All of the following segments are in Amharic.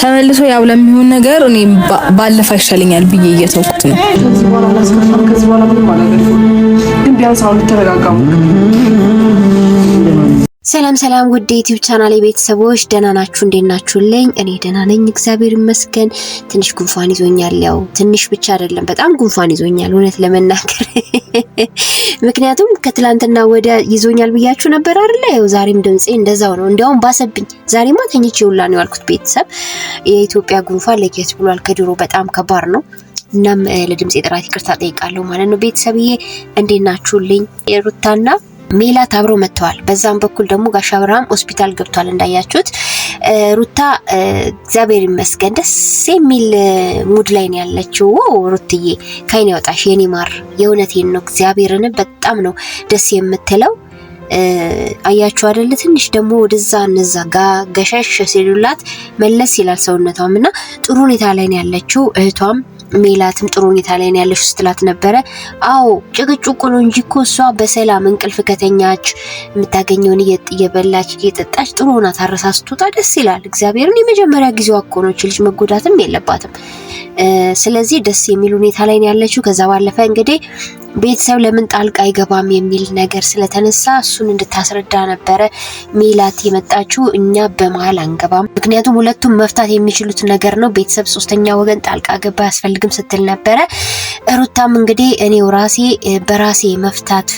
ተመልሶ ያው ለሚሆን ነገር እኔ ባለፈ ይሻለኛል ብዬ እየተውኩት ነው። ከዚህ በኋላ ምንም አላደርግም። ግን ቢያንስ አሁን ተረጋጋሙ ሰላም ሰላም ውድ ዩቲዩብ ቻናል የቤተሰቦች ደህና ናችሁ? እንዴት ናችሁልኝ? እኔ ደህና ነኝ እግዚአብሔር ይመስገን። ትንሽ ጉንፋን ይዞኛል። ያው ትንሽ ብቻ አይደለም በጣም ጉንፋን ይዞኛል እውነት ለመናገር ምክንያቱም ከትላንትና ወደ ይዞኛል ብያችሁ ነበር አይደለ? ያው ዛሬም ድምጼ እንደዛው ነው። እንዲያውም ባሰብኝ። ዛሬማ ተኝቼ ውላ ነው ያልኩት። ቤተሰብ የኢትዮጵያ ጉንፋን ለየት ብሏል ከድሮ በጣም ከባድ ነው። እናም ለድምፄ ጥራት ይቅርታ ጠይቃለሁ ማለት ነው። ቤተሰብዬ እንዴት ናችሁልኝ? የሩታና ሜላት አብረው መጥተዋል። በዛም በኩል ደግሞ ጋሽ አብርሃም ሆስፒታል ገብቷል እንዳያችሁት። ሩታ እግዚአብሔር ይመስገን ደስ የሚል ሙድ ላይ ነው ያለችው። ሩትዬ ከአይን ያወጣሽ የኔ ማር፣ የእውነቴን ነው እግዚአብሔርን በጣም ነው ደስ የምትለው። አያችሁ አይደለ? ትንሽ ደግሞ ወደዛ እነዛ ጋ ገሸሽ ሲሉላት መለስ ይላል ሰውነቷም እና ጥሩ ሁኔታ ላይ ነው ያለችው እህቷም ሜላትም ጥሩ ሁኔታ ላይ ያለች ያለሽ ስትላት ነበረ። አዎ ጭቅጭቁ ነው እንጂ እኮ እሷ በሰላም እንቅልፍ ከተኛች የምታገኘውን እየበላች እየጠጣች ጥሩ ሆና ታረሳስቶታ ደስ ይላል። እግዚአብሔርን የመጀመሪያ ጊዜዋ እኮ ነው ልጅ መጎዳትም የለባትም። ስለዚህ ደስ የሚል ሁኔታ ላይ ያለችው። ከዛ ባለፈ እንግዲህ ቤተሰብ ለምን ጣልቃ አይገባም የሚል ነገር ስለተነሳ እሱን እንድታስረዳ ነበረ ሜላት የመጣችው። እኛ በመሀል አንገባም፣ ምክንያቱም ሁለቱም መፍታት የሚችሉት ነገር ነው። ቤተሰብ ሶስተኛ ወገን ጣልቃ ገባ አያስፈልግም ስትል ነበረ። ሩታም እንግዲህ እኔው ራሴ በራሴ መፍታት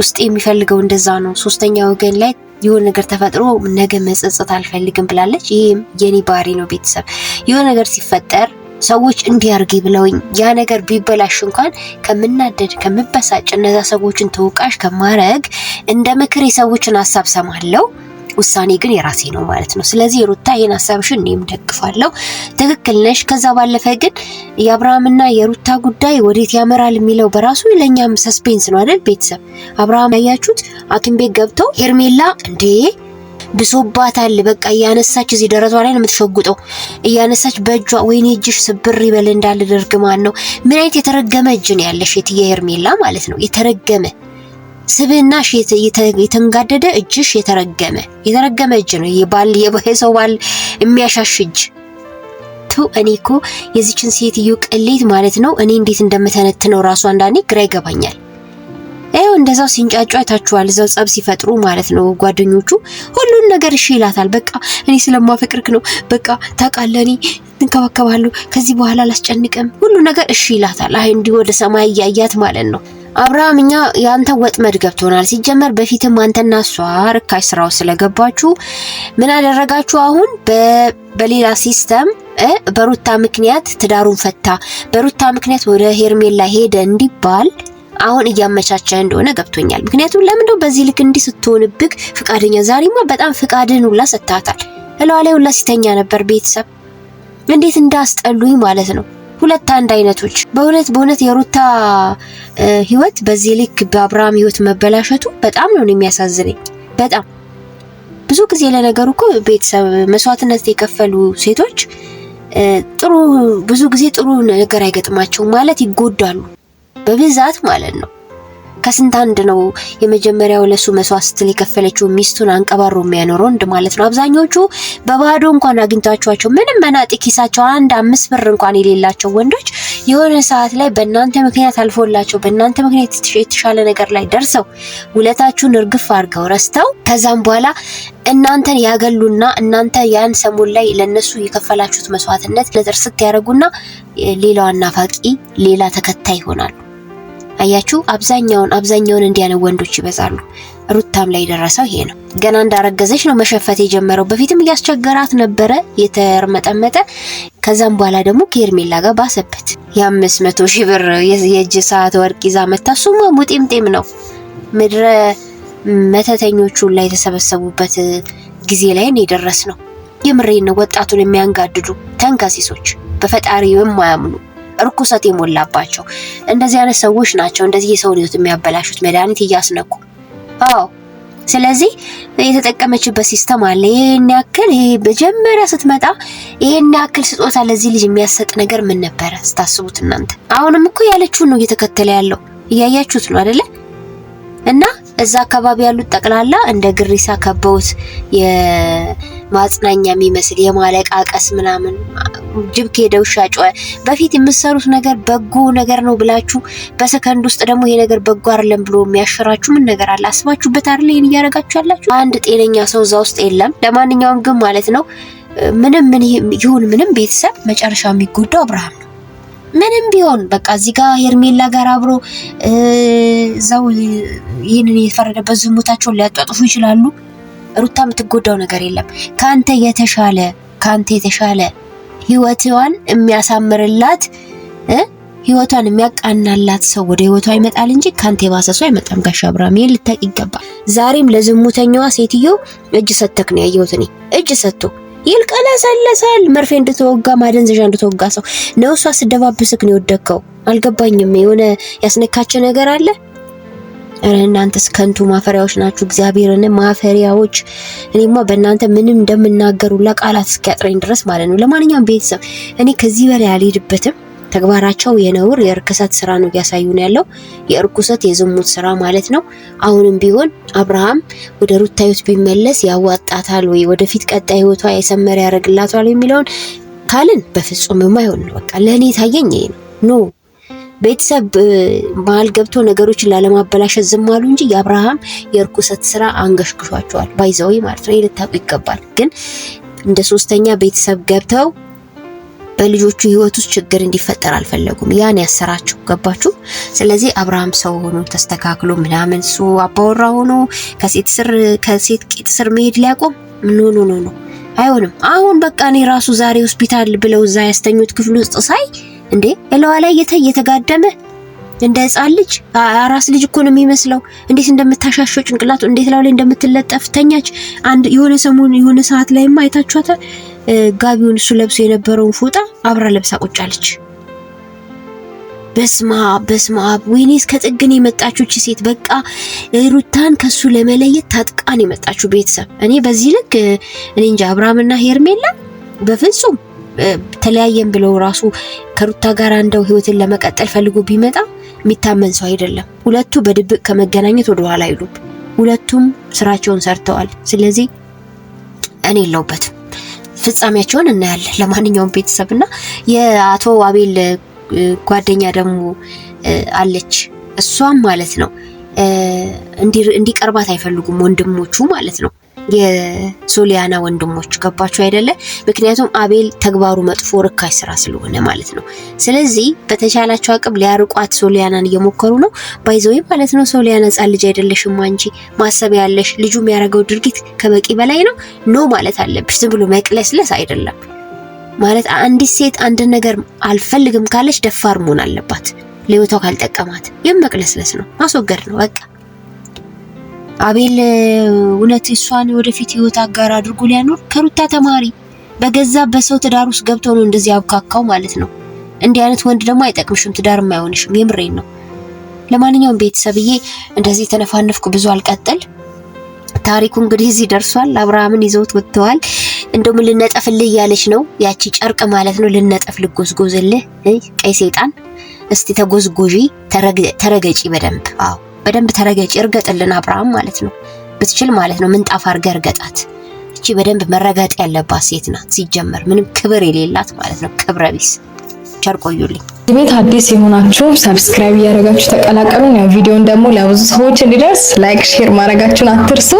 ውስጥ የሚፈልገው እንደዛ ነው። ሶስተኛ ወገን ላይ የሆነ ነገር ተፈጥሮ ነገ መጸጸት አልፈልግም ብላለች። ይህም የኔ ባህሪ ነው። ቤተሰብ የሆነ ነገር ሲፈጠር ሰዎች እንዲህ አርጊ ብለውኝ ያ ነገር ቢበላሽ እንኳን ከምናደድ ከምበሳጭ፣ እነዛ ሰዎችን ተወቃሽ ከማረግ እንደ ምክር የሰዎችን ሀሳብ ሰማለው። ውሳኔ ግን የራሴ ነው ማለት ነው። ስለዚህ የሩታ ይህን ሀሳብሽን እኔም ደግፋለሁ፣ ትክክል ነሽ። ከዛ ባለፈ ግን የአብርሃምና የሩታ ጉዳይ ወዴት ያመራል የሚለው በራሱ ለእኛም ሰስፔንስ ነው አይደል? ቤተሰብ አብርሃም ያያችሁት ሐኪም ቤት ገብተው ሄርሜላ እንዴ ብሶባታል። በቃ እያነሳች እዚህ ደረቷ ላይ ነው የምትሸጉጠው። እያነሳች በእጇ ወይኔ እጅሽ ስብር ይበል እንዳለ ደርግማን ነው። ምን አይነት የተረገመ እጅ ነው ያለሽ የትዬ ሄርሜላ ማለት ነው። የተረገመ ስብናሽ የተንጋደደ እጅሽ የተረገመ የተረገመ እጅ ነው። የባል የሰው ባል የሚያሻሽ እጅ እኔ እኮ የዚችን ሴትዮ ቅሌት ማለት ነው እኔ እንዴት እንደምተነትነው ራሱ አንዳንዴ ግራ ይገባኛል። ያው እንደዛው ሲንጫጩ አይታችኋል። እዛው ጸብ ሲፈጥሩ ማለት ነው ጓደኞቹ። ሁሉን ነገር እሺ ይላታል። በቃ እኔ ስለማፈቅርክ ነው፣ በቃ ታውቃለህ፣ እኔ እንከባከባለሁ፣ ከዚህ በኋላ አላስጨንቅም፣ ሁሉ ነገር እሺ ይላታል። አይ እንዲህ ወደ ሰማይ እያያት ማለት ነው። አብርሃም እኛ የአንተ ወጥመድ ገብቶናል። ሲጀመር በፊትም አንተና እሷ ርካሽ ስራው ስለገባችሁ ምን አደረጋችሁ? አሁን በሌላ ሲስተም በሩታ ምክንያት ትዳሩን ፈታ፣ በሩታ ምክንያት ወደ ሄርሜላ ሄደ እንዲባል አሁን እያመቻቸ እንደሆነ ገብቶኛል። ምክንያቱም ለምን ነው በዚህ ልክ እንዲህ ስትሆንብክ ፍቃደኛ? ዛሬማ በጣም ፍቃድህን ሁላ ሰጥታታል። እለዋ ላይ ሁላ ሲተኛ ነበር ቤተሰብ እንዴት እንዳስጠሉኝ ማለት ነው። ሁለት አንድ አይነቶች በእውነት በእውነት የሩታ ህይወት በዚህ ልክ በአብርሃም ህይወት መበላሸቱ በጣም ነው የሚያሳዝነኝ። በጣም ብዙ ጊዜ ለነገሩ እኮ ቤተሰብ መስዋዕትነት የከፈሉ ሴቶች ጥሩ ብዙ ጊዜ ጥሩ ነገር አይገጥማቸውም ማለት ይጎዳሉ። በብዛት ማለት ነው። ከስንት አንድ ነው የመጀመሪያው ለሱ መስዋዕት ስትል የከፈለችው ሚስቱን አንቀባሮ የሚያኖረው ወንድ ማለት ነው። አብዛኞቹ በባዶ እንኳን አግኝታችኋቸው ምንም መናጢ ኪሳቸው አንድ አምስት ብር እንኳን የሌላቸው ወንዶች የሆነ ሰዓት ላይ በእናንተ ምክንያት አልፎላቸው በእናንተ ምክንያት የተሻለ ነገር ላይ ደርሰው ውለታችሁን እርግፍ አድርገው ረስተው ከዛም በኋላ እናንተን ያገሉና እናንተ ያን ሰሞን ላይ ለነሱ የከፈላችሁት መስዋዕትነት ለጥርስት ያደረጉና ሌላዋ አናፋቂ ሌላ ተከታይ ይሆናሉ። አያችሁ፣ አብዛኛውን አብዛኛውን እንዲያነ ወንዶች ይበዛሉ። ሩታም ላይ የደረሰው ይሄ ነው። ገና እንዳረገዘች ነው መሸፈት የጀመረው። በፊትም እያስቸገራት ነበረ የተርመጠመጠ። ከዛም በኋላ ደግሞ ከኤርሜላ ጋር ባሰበት። የአምስት መቶ ሺህ ብር የእጅ ሰዓት ወርቅ ይዛ መታ። እሱማ ሙጤምጤም ነው ምድረ መተተኞቹ ላይ የተሰበሰቡበት ጊዜ ላይ ነው የደረስ ነው። የምሬን ወጣቱን የሚያንጋድዱ ተንከሲሶች፣ በፈጣሪ የማያምኑ እርኩሰት የሞላባቸው እንደዚህ አይነት ሰዎች ናቸው እንደዚህ የሰውን ህይወት የሚያበላሹት መድኃኒት እያስነኩ። አዎ ስለዚህ የተጠቀመችበት ሲስተም አለ። ይሄን ያክል ይሄ መጀመሪያ ስትመጣ ይሄን ያክል ስጦታ ለዚህ ልጅ የሚያሰጥ ነገር ምን ነበረ ስታስቡት እናንተ? አሁንም እኮ ያለችውን ነው እየተከተለ ያለው እያያችሁት ነው አይደለ? እና እዛ አካባቢ ያሉት ጠቅላላ እንደ ግሪሳ ከበውት ማጽናኛ የሚመስል የማለቃቀስ ምናምን ጅብ ከሄደ ውሻ ጮኸ። በፊት የምትሰሩት ነገር በጎ ነገር ነው ብላችሁ በሰከንድ ውስጥ ደግሞ ይሄ ነገር በጎ አይደለም ብሎ የሚያሸራችሁ ምን ነገር አለ? አስባችሁበት አይደል? ይሄን እያደረጋችሁ ያላችሁ አንድ ጤነኛ ሰው እዛ ውስጥ የለም። ለማንኛውም ግን ማለት ነው ምንም ምን ይሁን ምንም ቤተሰብ መጨረሻ የሚጎዳው አብርሃም ነው። ምንም ቢሆን በቃ እዚህ ጋር ሄርሜላ ጋር አብሮ እዛው ይህንን የተፈረደበት ዝሙታቸውን ሊያጧጥፉ ይችላሉ። ሩታ የምትጎዳው ነገር የለም። ከአንተ የተሻለ ከአንተ የተሻለ ህይወቷን የሚያሳምርላት ህይወቷን የሚያቃናላት ሰው ወደ ህይወቷ ይመጣል እንጂ ካንተ የባሰ ሰው አይመጣም። ጋሽ አብርሃም ይሄን ልታውቅ ይገባል። ዛሬም ለዝሙተኛዋ ሴትዮ እጅ ሰተክ ነው ያየሁት እኔ እጅ ሰጥቶ ይልቀለሰለሳል መርፌ እንድትወጋ ማደንዘዣ እንድትወጋ ሰው ነው እሷ ስደባብስክ ነው የወደቅከው። አልገባኝም። የሆነ ያስነካቸ ነገር አለ እረ እናንተስ ከንቱ ማፈሪያዎች ናችሁ፣ እግዚአብሔርን ማፈሪያዎች። እኔማ በእናንተ ምንም እንደምናገሩላ ቃላት እስኪያጥረኝ ድረስ ማለት ነው። ለማንኛውም ቤተሰብ እኔ ከዚህ በላይ አልሄድበትም። ተግባራቸው የነውር የርክሰት ስራ ነው እያሳዩን ያለው የርኩሰት የዝሙት ስራ ማለት ነው። አሁንም ቢሆን አብርሃም ወደ ሩታዩት ቢመለስ ያዋጣታል ወይ ወደፊት ቀጣይ ህይወቷ የሰመረ ያደርግላታል የሚለውን ካልን በፍጹም የማይሆን ነው። በቃ ለእኔ ታየኝ ነው ኖ ቤተሰብ መሀል ገብቶ ነገሮችን ላለማበላሸት ዝም አሉ እንጂ የአብርሃም የእርኩሰት ስራ አንገሽግሿቸዋል። ባይዘዊ ማለት ነው። ልታውቁ ይገባል። ግን እንደ ሶስተኛ ቤተሰብ ገብተው በልጆቹ ህይወት ውስጥ ችግር እንዲፈጠር አልፈለጉም። ያን ያሰራችሁ ገባችሁ። ስለዚህ አብርሃም ሰው ሆኖ ተስተካክሎ ምናምን እሱ አባወራ ሆኖ ከሴት ስር ከሴት ቂጥ ስር መሄድ ሊያቆም ኖ ኖ ኖ አይሆንም። አሁን በቃ እኔ ራሱ ዛሬ ሆስፒታል ብለው እዛ ያስተኙት ክፍል ውስጥ ሳይ እንዴ እለዋ ላይ እየተጋደመ እንደ ህፃን ልጅ አራስ ልጅ እኮ ነው የሚመስለው። እንዴት እንደምታሻሸው ጭንቅላቱ እንዴት ላው ላይ እንደምትለጠፍ ተኛች። አንድ የሆነ ሰሞን የሆነ ሰዓት ላይ አይታችኋታል። ጋቢውን እሱ ለብሶ የነበረውን ፎጣ አብራ ለብሳ ቁጫለች። በስማ በስማ ወይኔ እስከ ጥግን ሴት በቃ ሩታን ከሱ ለመለየት ታጥቃን የመጣችሁ ቤተሰብ። እኔ በዚህ ልክ እኔ እንጃ አብርሃምና ሄርሜላ በፍጹም ተለያየን ብለው ራሱ ከሩታ ጋር እንደው ህይወትን ለመቀጠል ፈልጎ ቢመጣ የሚታመን ሰው አይደለም። ሁለቱ በድብቅ ከመገናኘት ወደኋላ አይሉም። ሁለቱም ስራቸውን ሰርተዋል። ስለዚህ እኔ የለውበትም። ፍጻሜያቸውን እናያለን። ለማንኛውም ቤተሰብ እና የአቶ አቤል ጓደኛ ደግሞ አለች እሷም ማለት ነው እንዲቀርባት አይፈልጉም ወንድሞቹ ማለት ነው። የሶሊያና ወንድሞች ገባችሁ አይደለ? ምክንያቱም አቤል ተግባሩ መጥፎ ርካሽ ስራ ስለሆነ ማለት ነው። ስለዚህ በተቻላቸው አቅም ሊያርቋት ሶሊያናን እየሞከሩ ነው። ባይዘወይ ማለት ነው። ሶሊያና ጻ ልጅ አይደለሽም አንቺ ማሰብ ያለሽ ልጁ የሚያደርገው ድርጊት ከበቂ በላይ ነው። ኖ ማለት አለብሽ። ዝም ብሎ መቅለስለስ አይደለም ማለት አንዲት ሴት አንድ ነገር አልፈልግም ካለች ደፋር መሆን አለባት። ለህይወቷ ካልጠቀማት የመቅለስለስ ነው ማስወገድ ነው በቃ። አቤል እውነት እሷን ወደፊት ህይወት አጋር አድርጎ ሊያኖር ከሩታ ተማሪ በገዛ በሰው ትዳር ውስጥ ገብቶ ነው እንደዚህ አብካካው ማለት ነው። እንዲህ አይነት ወንድ ደግሞ አይጠቅምሽም፣ ትዳር አይሆንሽም የምሬን ነው። ለማንኛውም ቤተሰብዬ እንደዚህ የተነፋነፍኩ ብዙ አልቀጥል። ታሪኩ እንግዲህ እዚህ ደርሷል። አብርሃምን ይዘውት ወጥተዋል። እንደውም ልነጠፍልህ እያለች ነው ያቺ ጨርቅ ማለት ነው። ልነጠፍ ልጎዝጎዝልህ፣ ቀይ ሰይጣን። እስቲ ተጎዝጎዢ፣ ተረገጪ በደንብ አዎ በደንብ ተረገጭ፣ እርገጥልን አብርሃም ማለት ነው። ብትችል ማለት ነው ምንጣፍ አድርገህ እርገጣት። እቺ በደንብ መረጋጥ ያለባት ሴት ናት። ሲጀመር ምንም ክብር የሌላት ማለት ነው። ክብረ ቢስ ቸር ቆዩልኝ። ቤት አዲስ የሆናችሁ ሰብስክራይብ እያደረጋችሁ ተቀላቀሉን። ያው ቪዲዮን ደግሞ ለብዙ ሰዎች እንዲደርስ ላይክ፣ ሼር ማድረጋችሁን አትርሱ።